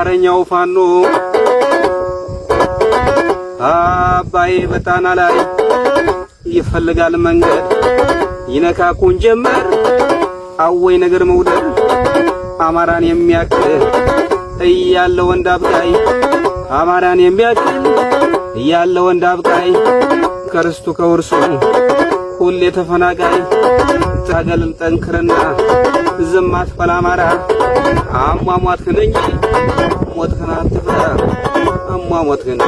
አረኛው ፋኖ አባዬ በጣና ላይ ይፈልጋል መንገድ ይነካኩን ጀመር አወይ ነገር መውደድ አማራን የሚያክል እያለ ወንድ አብቃይ አማራን የሚያክል እያለ ወንድ አብቃይ ከርስቱ ከውርሱ ሁሌ ተፈናቃይ ታገልን ጠንክርና ዘማትፈራ አማራ አሟሟትህን እንጂ ሞትህን አትፍራ አሟሟትህን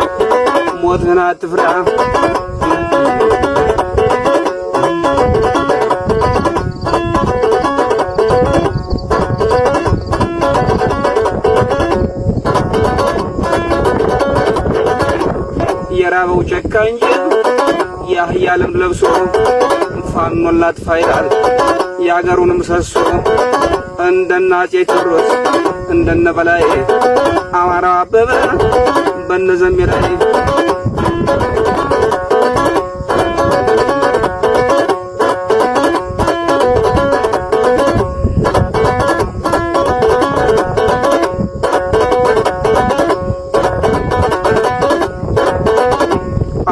ሞትህን አትፍራ። የራበው ጨካ እንጂ የአህያ ልምድ ለብሶ ፋኖ ላጥፋ የአገሩን ምሰሶ እንደነ አፄ ቴዎድሮስ እንደነ በላይ አማራ አበበ በነ ዘሚላይ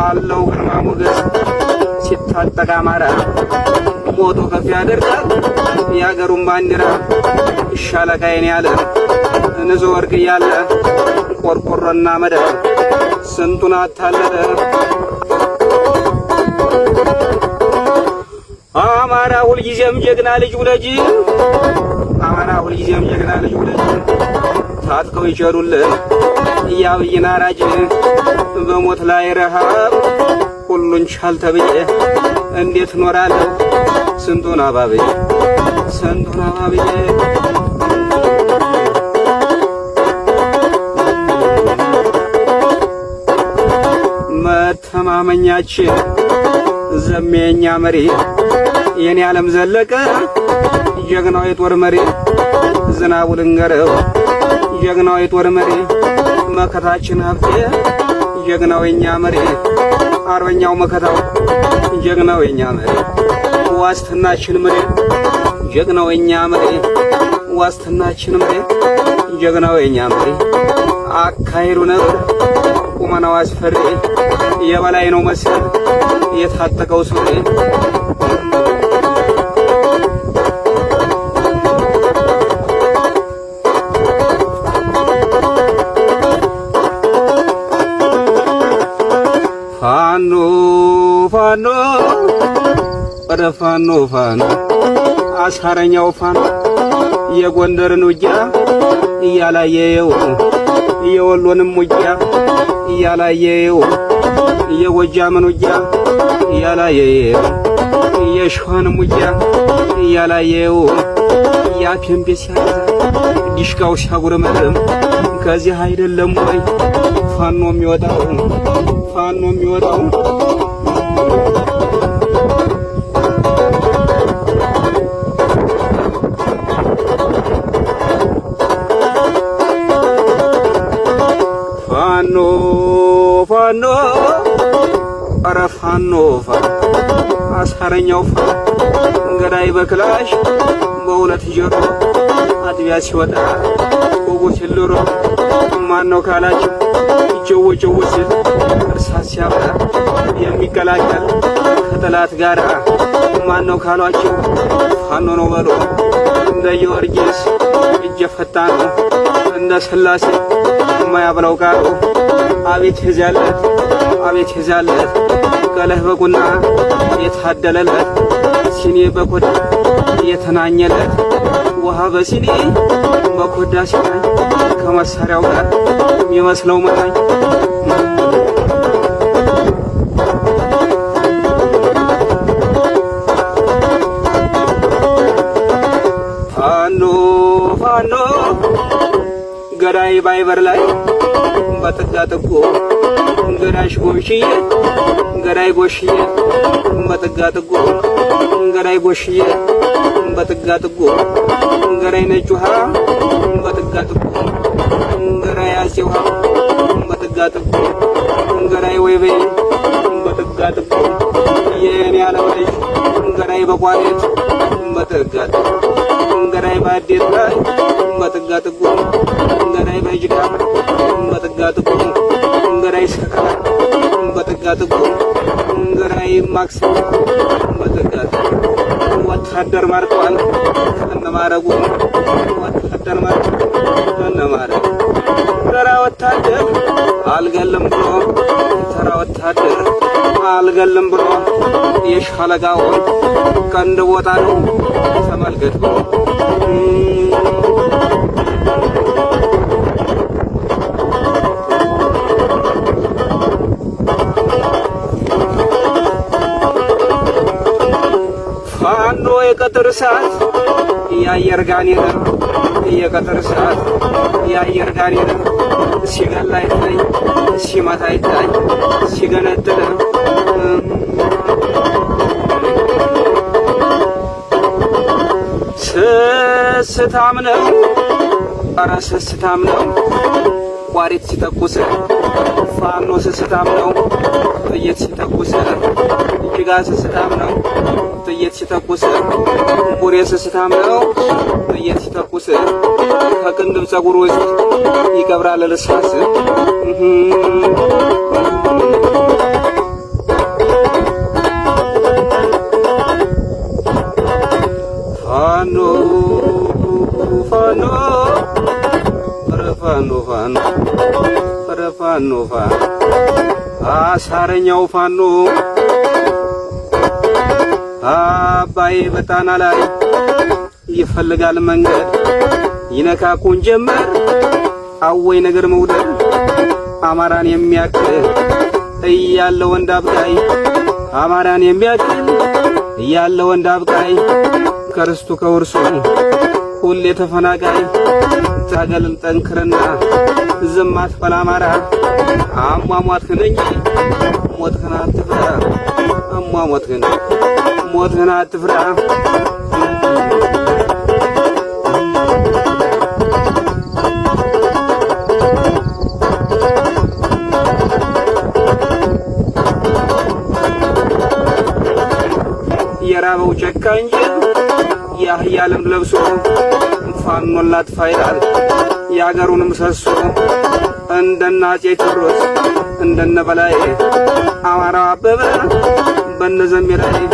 አለው ግርማ ሞገስ ሲታጠቅ አማራ ቁመቱ ከፍ ያደርጋል። የአገሩን ባንዲራ ሻለቃዬን ያለ ንጹህ ወርቅ እያለ ቆርቆሮና መደብ ስንቱን አታለለ። አማራ ሁልጊዜም ጀግና ልጅ ውለጅ፣ አማራ ሁልጊዜም ጀግና ልጅ ውለጅ። ታጥቀው ይቸሩልን የአብይን አራጅ በሞት ላይ ረሃብ ሁሉን ቻል ተብዬ እንዴት እኖራለሁ? ስንቱን አባብዬ ስንቱን አባብዬ መተማመኛችን ዘሜኛ መሪ የኔ ዓለም ዘለቀ ጀግናው የጦር መሪ ዝናቡ ልንገረው ጀግናው የጦር መሪ መከታችን ሀብቴ ጀግናው የኛ መሪ አርበኛው መከታው ጀግናው የኛ መሪ ዋስትናችን መሬት ጀግናው የኛ መሬት ዋስትናችን መሬት ጀግናው የኛ መሬት አካሄዱ ነበር ቁመናው አስፈሪ የበላይ ነው መሰል የታጠቀው ሱሪ ወደ ፋኖ ፋኖ አስካረኛው ፋኖ የጎንደርን ውጊያ እያላየው የወሎንም ውጊያ እያላየው የጎጃምን ውጊያ እያላየው የሸዋንም ውጊያ እያላየው ያፔምቤ ሲያዛ ዲሽቃው ሲያጉረመርም ከዚህ አይደለም ወይ ፋኖ የሚወጣው ፋኖ የሚወጣው ፋኖ ኧረ ፋኖ ፋኖ አስፈረኛው ፋኖ ገዳይ በክላሽ በሁለት ጆሮ አጥቢያ ሲወጣ ቆቦ ሲልሮ ማነው ካላችሁ ጀወ ጀወ ሲል እርሳት ሲያበራ የሚቀላቀል ከጠላት ጋር ማነው ካሏችሁ ፋኖ ነው በሎ እንደ ጊዮርጊስ እጀፈታ ነው እንደ ስላሴ የማያብለው ቃሉ አቤት ሄዛለት አቤት ይዛለት ቀለህ በቁና የታደለለት ሲኒ በኮዳ የተናኘለት ውሃ በሲኒ በኮዳ ሲናኝ ከመሳሪያው ጋር የሚመስለው መናኝ ፋኖ ፋኖ ገዳይ ባይበር ላይ ጥጋጥጎ እንገዳሽ ጎሽዬ እንገዳይ ጎሽዬ በጥጋጥጎ እንገዳይ ጎሽዬ በጥጋጥጎ እንገዳይ ነጭ ውሃ በጥጋጥጎ እንገዳይ አሴ ውሃ በጥጋጥጎ እንገዳይ ወይቤ በጥጋጥጎ የኔ ያለው ልጅ እንገዳይ በቋሌት በጥጋጥጎ እንገዳይ በአዴት ላይ በጥጋጥጎ እንገዳይ በጅዳ ይስካ በጥጋጥጉ ገናይ ማክሲማ በጥጋጥጉ ወታደር ማርኳን ከነማረጉ ወታደር ማርኳን ከነማረጉ ተራ ወታደር አልገልም ብሎ ተራ ወታደር አልገልም ብሎ የሻለቃውን ቀንድ ቦጣ ነው ተመልከት ብሎ የአየር ጋኔን የቀጠር ሰዓት የአየር ጋኔን ሲገላ አይጥለኝ፣ ሲመታ አይጥለኝ፣ ሲገነጥል ስስታም ነው። ኧረ ስስታም ነው። ቋሪት ሲተኩስ ፋኖ ስስታም ነው። ጥይት ሲተኩስ ጅጋ ስስታም ነው ጥይት ሲተኩስ እንቁሬ ስስታም ነው ጥይት ሲተኩስ ከቅንድብ ጸጉር ውስጥ ይገብራል ልስላስ ፋኖ ፋኖ ፋኖ ፋኖ ፋኖ ፋኖ አሳረኛው ፋኖ አባዬ በጣና ላይ ይፈልጋል መንገድ ይነካኩን ጀመር አወይ ነገር መውደድ አማራን የሚያክል እያለ ወንድ አብቃይ አማራን የሚያክል እያለ ወንድ አብቃይ ከርስቱ ከውርሱ ሁሌ ተፈናቃይ ታገልን ጠንክርና ዝም አትበል አማራ አሟሟትህን እንጂ ሞትህን አትፍራ አሟሟትህን ሞትን አትፍራ። የራበው ጨካኝ የአህያ ልምድ ለብሶ ፋኖላት ላጥፋ የአገሩን ምሰሶ እንደነ አፄ ቴዎድሮስ እንደነ በላይ አማራው አበበ በነ ዘሜ ላይ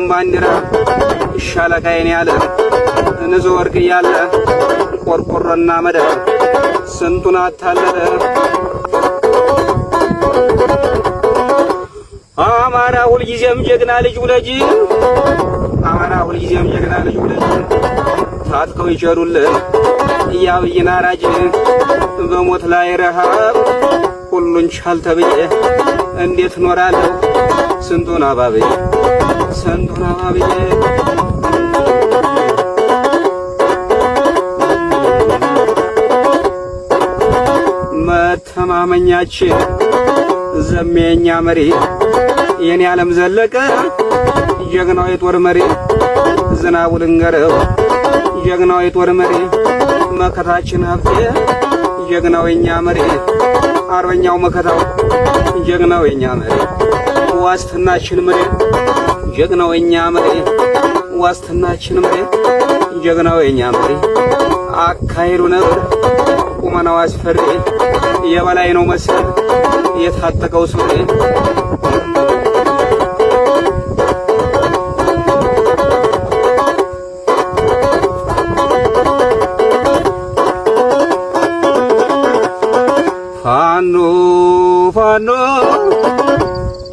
የሀገሩን ባንዲራ ሻለቃዬን ያለ ንዙ ወርቅ እያለ ቆርቆሮና መደብ ስንቱን አታለለ። አማራ ሁልጊዜም ጀግና ልጅ ውለጅ፣ አማራ ሁልጊዜም ጀግና ልጅ ውለጅ። ታጥቀው ይቸሩልን የአብይን አራጅ በሞት ላይ ረሃብ ሁሉን ቻል ተብዬ እንዴት እኖራለሁ? ስንቱን አባብዬ ስንቱን አባብዬ መተማመኛችን ዘሜኛ መሪ የኔ ዓለም ዘለቀ ጀግናው የጦር መሪ ዝናቡ ልንገረው ጀግናው የጦር መሪ መከታችን ሀብቴ ጀግናው የኛ መሪ አርበኛው መከታው ጀግናው የኛ መሪ ዋስትናችን መሬት ጀግናው የኛ መሬት ዋስትናችን መሬት ጀግናው የኛ መሬት አካሄዱ ነበር ቁመናው አስፈሪ የበላይ ነው መሰል የታጠቀው ሱሪ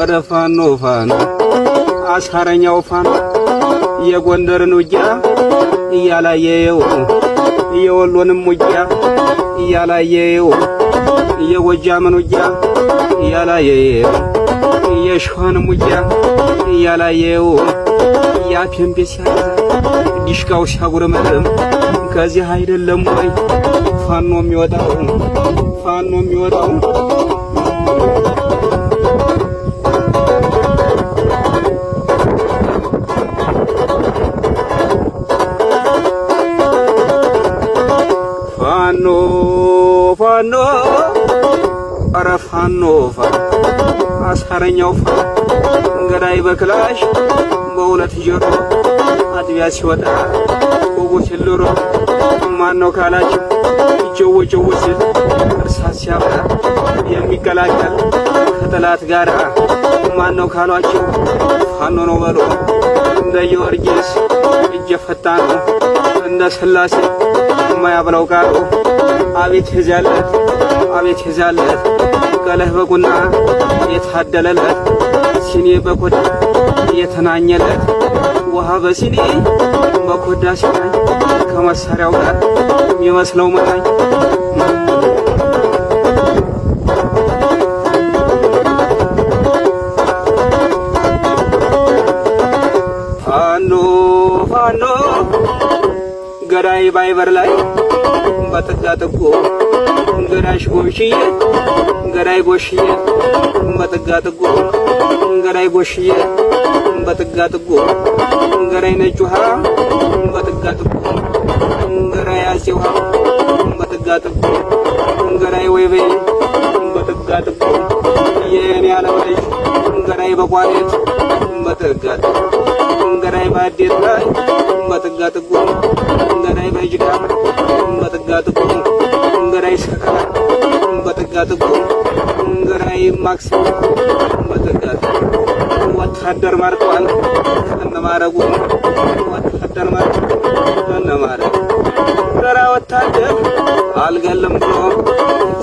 ወደ ፋኖ ፋኖ አስካረኛው ፋኖ የጎንደርን ውጊያ እያላየው የወሎንም ውጊያ እያላየው የጎጃምን ውጊያ እያላየው የሸዋንም ውጊያ እያላየው ያፌን ቤት ሲያዛ ዲሽቃው ሲያጉረመርም ከዚህ አይደለም ወይ ፋኖ የሚወጣው ፋኖ የሚወጣው ፋኖ ፋኖ አስካረኛው ፋኖ እንገዳይ በክላሽ በሁለት ጆሮ አጥቢያ ሲወጣ ቦጎ ሲልሮ ማነው ካላችሁ ጆዎ ጆዎ ሲል እርሳት ሲያበራ የሚቀላቀል ከጠላት ጋር ማነው ካሏችሁ ፋኖ ነው በሎ እንደ ጊዮርጊስ እጀ ነው እንደ ስላሴ የማያብለው ቃሉ አቤት ይዛለት አቤት ይዛለት የተወቀለህ በቁና የታደለለት ሲኔ በኮዳ የተናኘለት ውሃ በሲኒ በኮዳ ሲናኝ ከመሳሪያው ጋር የሚመስለው መታኝ ፋኖ ፋኖ ገዳይ ባይበር ላይ በጥጋ በጥጋጥጎ ገራሽ ጎሽዬ ገራይ ጎሽዬ በጥጋ ጥጎ ገራይ ጎሽዬ በጥጋ ጥጎ ገራይ ነጭ ውሃ በጥጋ ጥጎ ገራይ አፄ ውሃ በጥጋ ጥጎ ገራይ ወይቤ በጥጋ ጥጎ የኔ አለበሽ ገራይ በቋሬት በጥጋ ጥጎ ገራይ በአዴት ላይ በጥጋ ጥጎ ገራይ በጅጋ መጠጋት እኮ ገና የማክስማ መጠጋት ወታደር ማርቋል ከነማረጉ ወታደር ማር ከነማረጉ ተራ ወታደር አልገልም ብሎ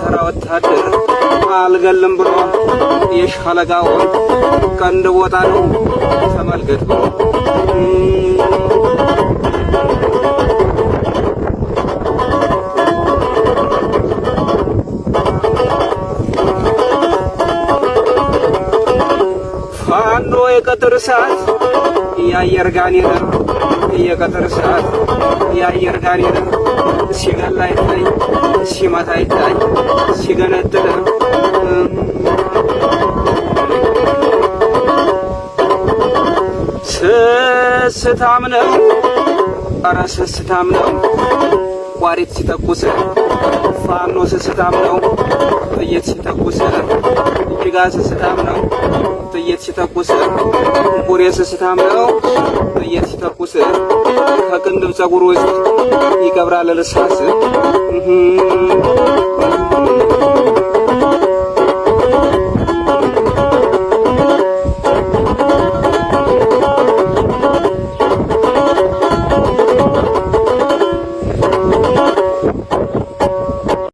ተራ ወታደር አልገልም ብሎ የሻለቃውን ቀንድ ቦታ ነው ተመልከት ብሎ የቀጥር ሰዓት የአየር ጋኔን የቀጥር ሰዓት የአየር ጋኔን ሲገላ ይታይ፣ ሲመታ ይታይ፣ ሲገነጥል ስስታም ነው። ኧረ ስስታም ነው። ቋሪት ሲተኩስ ፋኖ ስስታም ነው። ጥይት ሲተኩስ እጅጋ ስስታም ነው። ሲተኩስ እንቁሬስ ስታምነው ጥይት ሲተኩስ ከቅንድብ ጸጉር ውስጥ ይገብራል እርሳስ